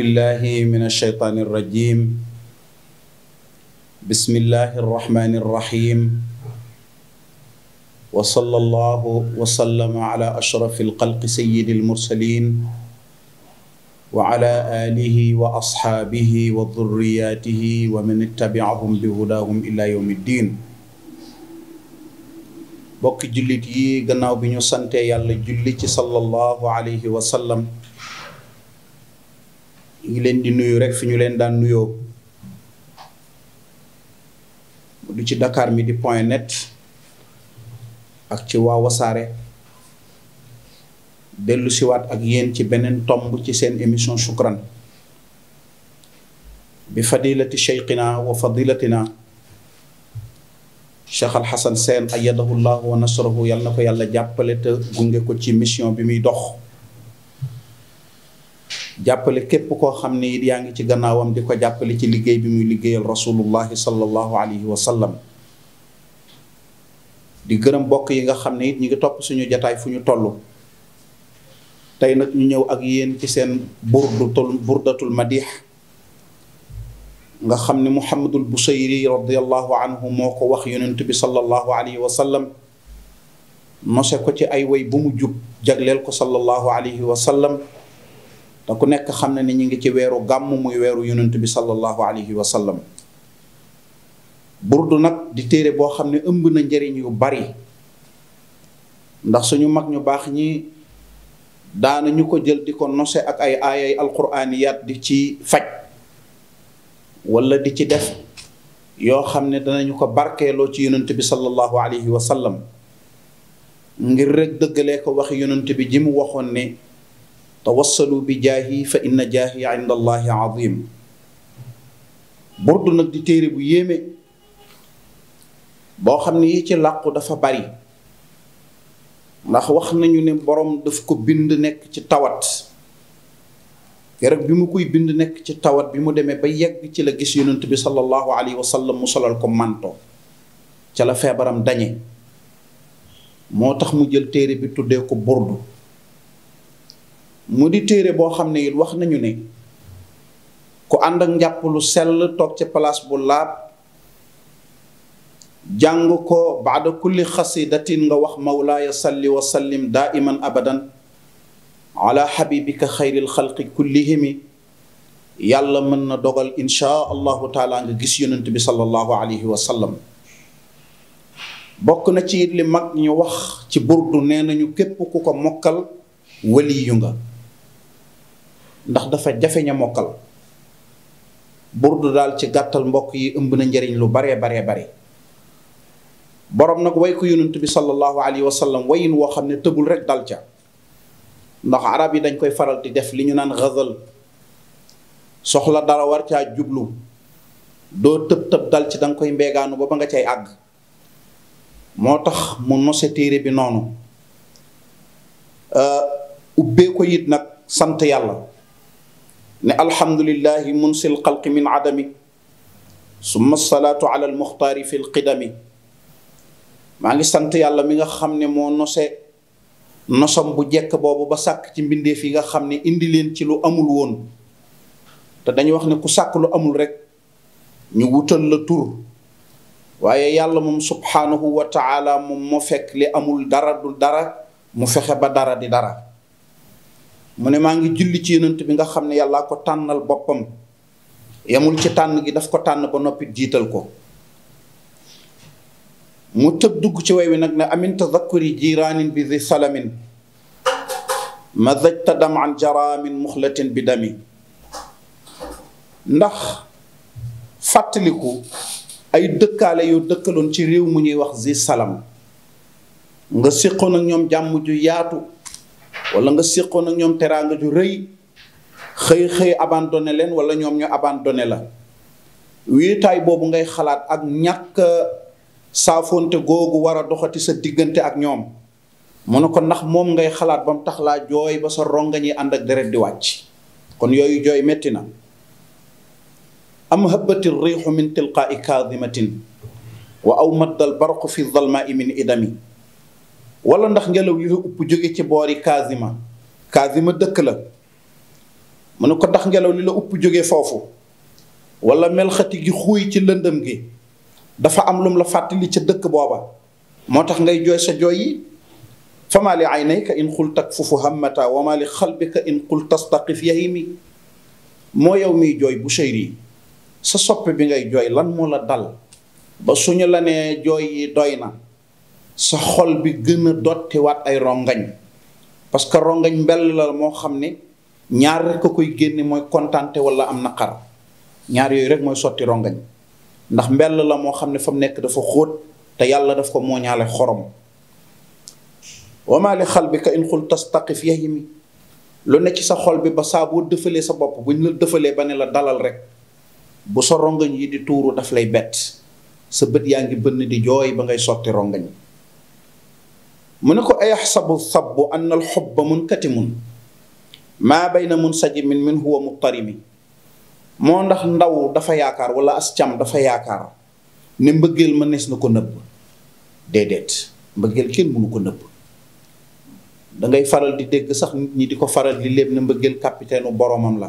بالله من الشيطان الرجيم بسم الله الرحمن الرحيم وصلى الله وسلم على أشرف الخلق سيد المرسلين وعلى آله وأصحابه وذرياته ومن اتبعهم بهداهم إلى يوم الدين bokk jullit yi gannaaw bi ñu sante yàlla julli ci sallallahu alayhi wa sallam ñu ngi leen di nuyu rek fi ñu leen daan nuyoo du ci Dakar Midi point net ak ci waa Wasaare dellu siwaat ak yéen ci beneen tomb ci seen émission shukran bi fadilati cheikhina wa fadilatina cheikh alxasan seen ayadahu llahu wa nasrahu yàlla na ko yàlla jàppale te gunge ko ci mission bi muy dox jàppale képp koo xam ne it yaa ngi ci gannaawam di ko jàppale ci liggéey bi muy liggéeyal rasulullahi sallallahu alayhi wa sallam di gërëm mbokk yi nga xam ne it ñu ngi topp suñu jataay fu ñu toll tey nag ñu ñëw ak yéen ci seen burdatul burdatul madix nga xam ne muhammadul busayri radiallahu anhu moo ko wax yonent bi sallallahu alayhi wa sallam nose ko ci ay wey bu mu jub jagleel ko sallallahu alayhi wa sallam te ku nekk xam na ni ñu ngi ci weeru gàmm muy weeru yonent bi sallallahu alayhi wa sallam burdu nag di téere boo xam ne ëmb na njariñ yu bari ndax suñu mag ñu baax ñi daana ñu ko jël di ko nose ak ay aayay alquraaniyat di ci faj wala di ci def yoo xam ne danañu ko barkeeloo ci yonent bi sallallahu alayhi wa ngir rekk dëggalee ko waxi yonent bi ji mu waxoon ne tawassalu bi jaahi fa inna jaahi inda allahi burdu nag di téere bu yéeme boo xam ne yi ci làqu dafa bari ndax wax nañu ne boroom daf ko bind nekk ci tawat keroog bi mu koy bind nekk ci tawat bi mu demee ba yegg ci la gis yonent bi sallallahu alayhi wa mu solal ko manto ca la feebaram dañe moo tax mu jël téere bi tuddee ko burdu mu di téere boo xam ne it wax nañu ne ku ànd ak njàpp lu sell toog ci palaas bu laab jàng ko baada kulli xasidatin nga wax mawlaaya salli wa sallim daiman abadan ala xabibika xayril xalqi kullihimi yàlla mën na dogal inchaa allahu nga gis yonent bi sallallahu alayhi wa sallam bokk na ci it li mag ñu wax ci burdu nee nañu képp ku ko mokkal waliyu nga ndax dafa jafeñ a mokkal burdu daal ci gàttal mbokk yi ëmb na njariñ lu baree baree bare boroom nag way ko yonent bi sallallahu alayhi wa sallam woo xam ne tëbul rek dal ca ndax arab yi dañ koy faral di def li ñu naan xazal soxla dara war caa jublu doo tëb tëb dal ci danga koy mbeegaanu ba ba nga cay àgg moo tax mu nose téere bi noonu ubbee ko it nag sant yàlla ne alhamdulillahi munsil xalqi min adami summa salaatu ala almuxtaari fi lqidami maa ngi sant yàlla mi nga xam ne moo nose nosam bu jekk boobu ba sàkk ci mbindeef yi nga xam ne indi leen ci lu amul woon te dañu wax ne ku sàkk lu amul rekk ñu wutal la tur waaye yàlla moom subhaanahu wa taala moom moo fekk li amul dara du dara mu fexe ba dara di dara mu ne maa ngi julli ci yonent bi nga xam ne yàllaa ko tànnal boppam yamul ci tànn gi daf ko tànn ba noppi jiital ko mu tëb dugg ci way wi nag ne amin tadakkuri jiraanin bi di salamin ma dajta dam an jaraamin muxlatin ndax fàttaliku ay dëkkaale dëkkaloon ci réew mu ñuy wax zi salam nga séqoon ak ñoom jàmm ju yaatu wala nga séqoon ak ñoom teraanga ju rëy xëy xëy abandonné leen wala ñoom ñu abandonné la wéetaay boobu ngay xalaat ak ñàkk saafonte googu war a doxati sa diggante ak ñoom mu ne ko ndax moom ngay xalaat ba mu tax laa jooy ba sa rongañi ànd ak deret di wàcc kon yooyu jooy metti na am hëbbati riixu min tilqaai kaadimatin wa aw maddal barqu fi dalmaai min idami wala ndax ngelaw li la upp jóge ci boori Kasima Kasima dëkk la mu ne ko ndax ngelaw li la upp jóge foofu wala melxati gi xuuy ci lëndëm gi dafa am lum la fàttali ca dëkk booba moo tax ngay jooy sa jooy yi fama li aynayka in qul takfufu hammata wa ma li xalbika in qul tastaqif yahimi moo yow miy jooy bu seyri sa soppe bi ngay jooy lan moo la dal ba suñu la nee jooy yi doy na sa xol bi gën a dottiwaat ay rongañ parce que rongañ mbell la moo xam ne ñaar rek ko koy génne mooy kontante wala am naqar ñaar yooyu rek mooy sotti rongañ ndax mbell la moo xam ne fa mu nekk dafa xóot te yàlla daf ko mooñaale xorom wama li xalbika in xul tastaqif yahimi lu ne ci sa xol bi ba saaboo dëfalee sa bopp bu ñu la dëfalee ba ne la dalal rek bu sa rongañ yi di tuuru daf lay bett sa bët yaa ngi bënn di jooy ba ngay sotti rongañ mu ne ko sabu sab bu ayaxsabu sabbu anna alxubba munkatimun maa bayna munsajimin min huwa muttarimi moo ndax ndaw dafa yaakaar wala as cam dafa yaakaar ne mbëggeel ma nees na ko nëbb déedéet mbëggeel kenn mënu ko nëbb da faral di dégg sax nit ñi di ko faral di léeb ne mbëggeel capitaine u la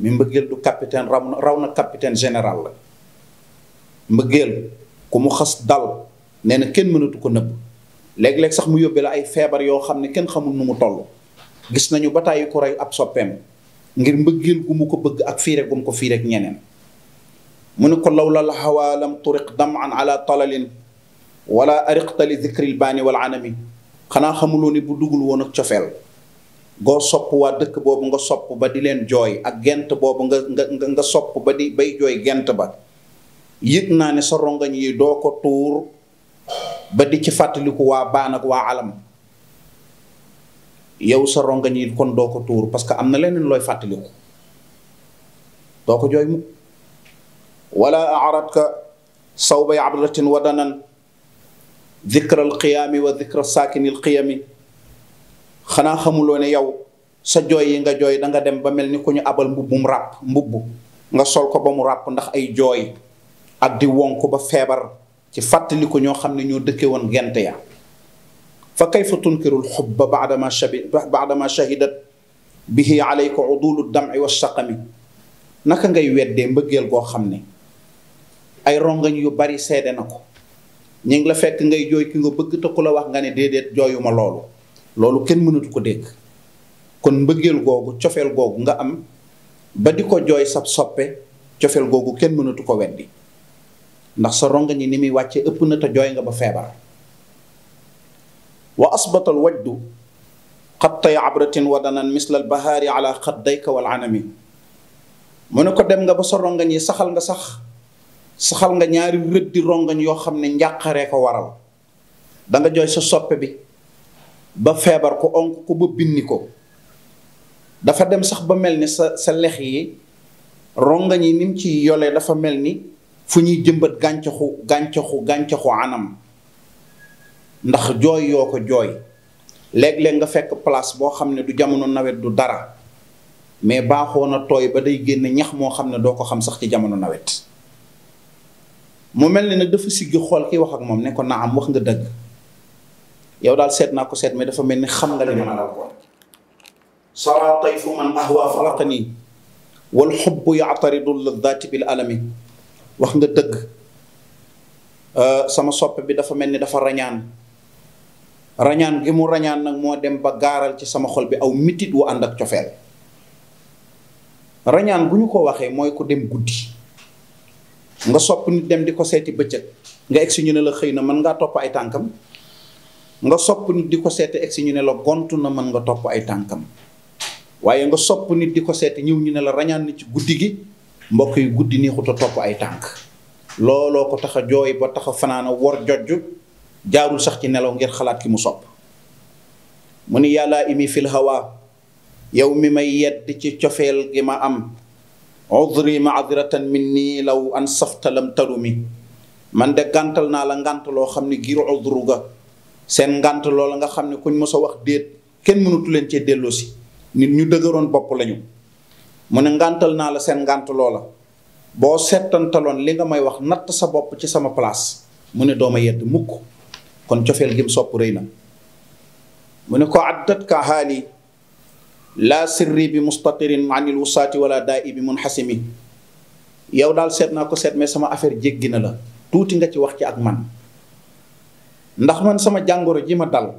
mais mbëggeel du capitaine raw na raw na général la mbëggeel ku mu xas dal nee na kenn mënatu ko nëbb léeg-léeg sax mu yóbbee la ay feebar yoo xam ne kenn xamul nu mu toll gis nañu ba tàyyi ko rey ab soppeem ngir mbëggeel gu mu ko bëgg ak fiire gu mu ko fiireek ñeneen mu ne ko lawla al hawa lam turiq daman ala talalin wala ariqta li zikril baani wal anami xanaa xamuloo ni bu dugul woon ak cofeel goo sopp waa dëkk boobu nga sopp ba di leen jooy ak gent boobu nga nga nga sopp ba di bay jooy gent ba yëg naa ne sa rongañ yi doo ko tuur ba di ci fàttaliku waa baan ak waa alam yow sa rongañ yi kon doo ko tuur parce que am na leneen looy fàttaliku doo ko jooy mu wala aratka sawbay abratin wadanan dikra alqiyaami wa dikra saakini alqiyami xanaa xamuloo ne yow sa jooy yi nga jooy da nga dem ba mel ni ku ñu abal mbubbum ràpp mbubb nga sol ko ba mu ràpp ndax ay jooy ak di wonk ba feebar ci fàttali ko ñoo xam ne ñoo dëkke woon gent ya fa kayfa tunkirul xubba baadama shabi baadama shahidat bihi alayka udulu wax wa saqami naka ngay weddee mbëggeel goo xam ne ay rongañ yu bari seede na ko ñu ngi la fekk ngay jooy ki nga bëgg te ku la wax nga ne déedéet jooyuma loolu loolu kenn mënatu ko dégg kon mbëggeel googu cofeel googu nga am ba di ko jooy sab soppe cofeel googu kenn mënatu ko weddi ndax sa rongañ ni muy wàcce ëpp na te jooy nga ba feebar wa asbata al wajdu xattay abratin wa danan misla al bahaari ala xaddayka wal anami mu ne ko dem nga ba sa rongañ yi saxal nga sax saxal nga ñaari rëddi rongañ yoo xam ne njàqaree ko waral danga nga jooy sa soppe bi ba feebar ko onk ku ba binni ko dafa dem sax ba mel ni sa lex yi rongañ yi ni mu ci yolee dafa mel ni fu ñuy jëmbat gàncaxu gàncaxu gàncaxu anam ndax jooy yoo ko jooy léeg-léeg nga fekk place boo xam ne du jamono nawet du dara mais baaxoo na tooy ba day génn ñax moo xam ne doo ko xam sax ci jamono nawet mu mel ni nag dafa siggi xool kiy wax ak moom ne ko na am wax nga dëgg yow daal seet naa ko seet mais dafa mel ni xam nga li man la ko sara tayfu man ahwa faraqani wal xubbu yaataridu ladati alami wax nga dëgg euh, sama soppe bi dafa mel ni dafa rañaan rañaan gi mu rañaan nag moo dem ba gaaral ci sama xol bi aw mitit wu ànd ak cofeel rañaan bu ñu ko waxee mooy ko dem guddi nga sopp nit dem di ko seeti bëccëg nga egsi ñu ne la xëy na mën ngaa topp ay tànkam nga sopp nit di ko seeti egsi ñu ne la gontu na mën nga topp ay tànkam waaye nga sopp nit di ko seeti ñëw ñu ne la rañaan ci guddi gi mbokk yi guddi neexut a topp ay tànk looloo ko tax a jooy ba tax a fanaana wor jojju jaarul sax ci nelaw ngir xalaat ki mu sopp mu ni yàlla imi fil hawa yow mi may yedd ci cofeel gi ma am udri madiratan min nii law an safta lam tarumi man de gàntal naa la ngànt loo xam ne giir udru ga seen ngànt loola nga xam ne kuñ mos a wax déet kenn mënatu leen cee delloosi nit ñu dëgëroon bopp lañu mu ne ngàntal naa la seen ngànt loola boo settantaloon li nga may wax natt sa bopp ci sama place mu ne dooma yedd mukk kon cofeel gi mu sopp rëy na mu ne ko addat ka haali laa sirri bi mustatirin anil wusaati wala daa bi munxasimi yow daal seet naa ko seet mais sama affaire jéggi na la tuuti nga ci wax ci ak man ndax man sama jàngoro ji ma dal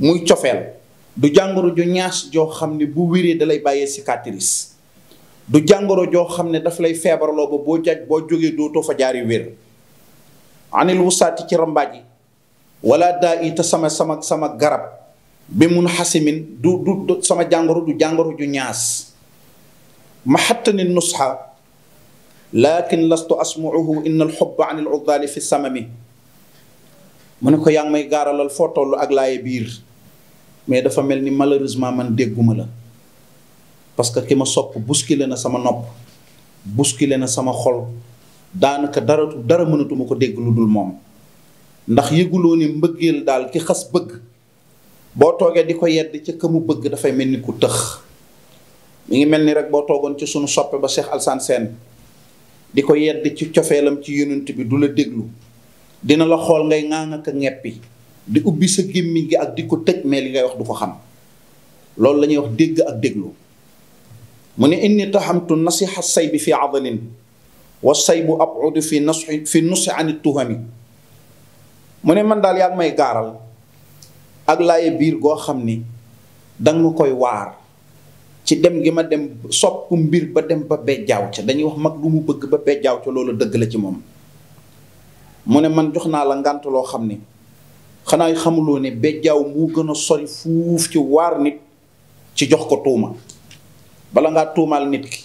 muy cofeel du jàngoro ju ñaas joo xam ne bu wéree dalay bàyyee cicatrice du jàngoro joo xam ne dafa lay feebarloo ba boo jaj boo jógee dootoo fa jaari wér anil wusaati ci rambaaj yi wala daa ita sama sama sama garab bi mun xasimin du du sama jàngoro du jàngoro ju ñaas ma xattani nusxa lakin lastu asmuuhu inna alxubba an aluddaali fi samami mu ne ko yaa ngi may gaaralal foo toll ak laaye biir mais dafa mel ni malheureusement man dégguma la parce que ki ma sopp bousculé na sama nopp bousculé na sama xol daanaka dara dara mënatuma ko dégg lu dul moom ndax yëguloo ni mbëggeel daal ki xas bëgg boo toogee di ko yedd ca ka mu bëgg dafay mel ni ku tëx mu ngi mel ni rek boo toogoon ci sunu soppe ba Cheikh Alsane Sène di ko yedd ci cofeelam ci yonent bi du la déglu dina la xool ngay ŋaaŋ ak a ñeppi di ubbi sa gémmiñ gi ak di ko tëj mais li ngay wax du ko xam loolu la ñuy wax dégg ak déglu mu ne inni taxamtu nasiha bi fi adalin wa saybu bu fi nasi fi nusi ani tuhami mu ne man daal yaa may gaaral ak laaye biir goo xam ni danga ma koy waar ci dem gi ma dem sopp mbir ba dem ba bejjaaw ca dañuy wax mag lu mu bëgg ba bejjaaw ca loolu dëgg la ci moom mu ne man jox naa la ngànt loo xam ni xanaa xamuloo ne bejjaaw mu gën a sori fuuf ci waar nit ci jox ko tuuma bala ngaa tuumaal nit ki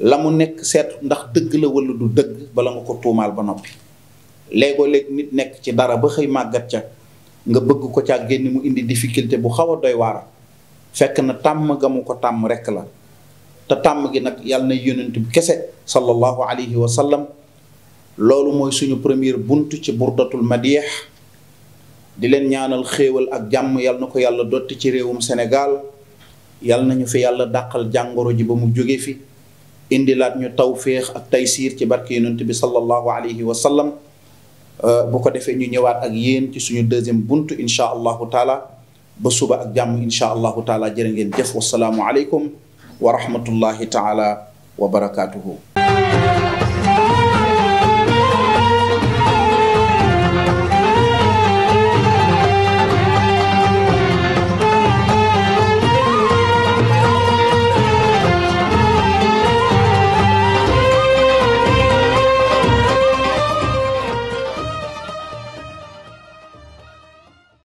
la mu nekk seet ndax dëgg la wala du dëgg bala nga ko tuumaal ba noppi léegoo léeg nit nekk ci dara ba xëy màggat ca nga bëgg ko ca génn mu indi difficulté bu xaw a doy waar fekk na tàmm ga mu ko tàmm rekk la te tàmm gi nag yàlla na yonent kese sallallahu alayhi wa sallam loolu mooy suñu premier bunt ci burdatul madiex di leen ñaanal xéewal ak jàmm yàlla na ko yàlla dotti ci réewum Sénégal yal nañu fi yàlla dàqal jàngoro ji ba mu jógee fi indilaat ñu tawféex ak taysiir ci barke yonent bi sallallahu alayhi wa sallam euh, bu ko defee ñu ñëwaat ak yéen ci suñu deuxième bunt incha allahu taala ba suba ak jàmm incha allahu taala jërë ngeen jëf wasalaamu aleykum wa rahmatullahi taala wa barakaatuhu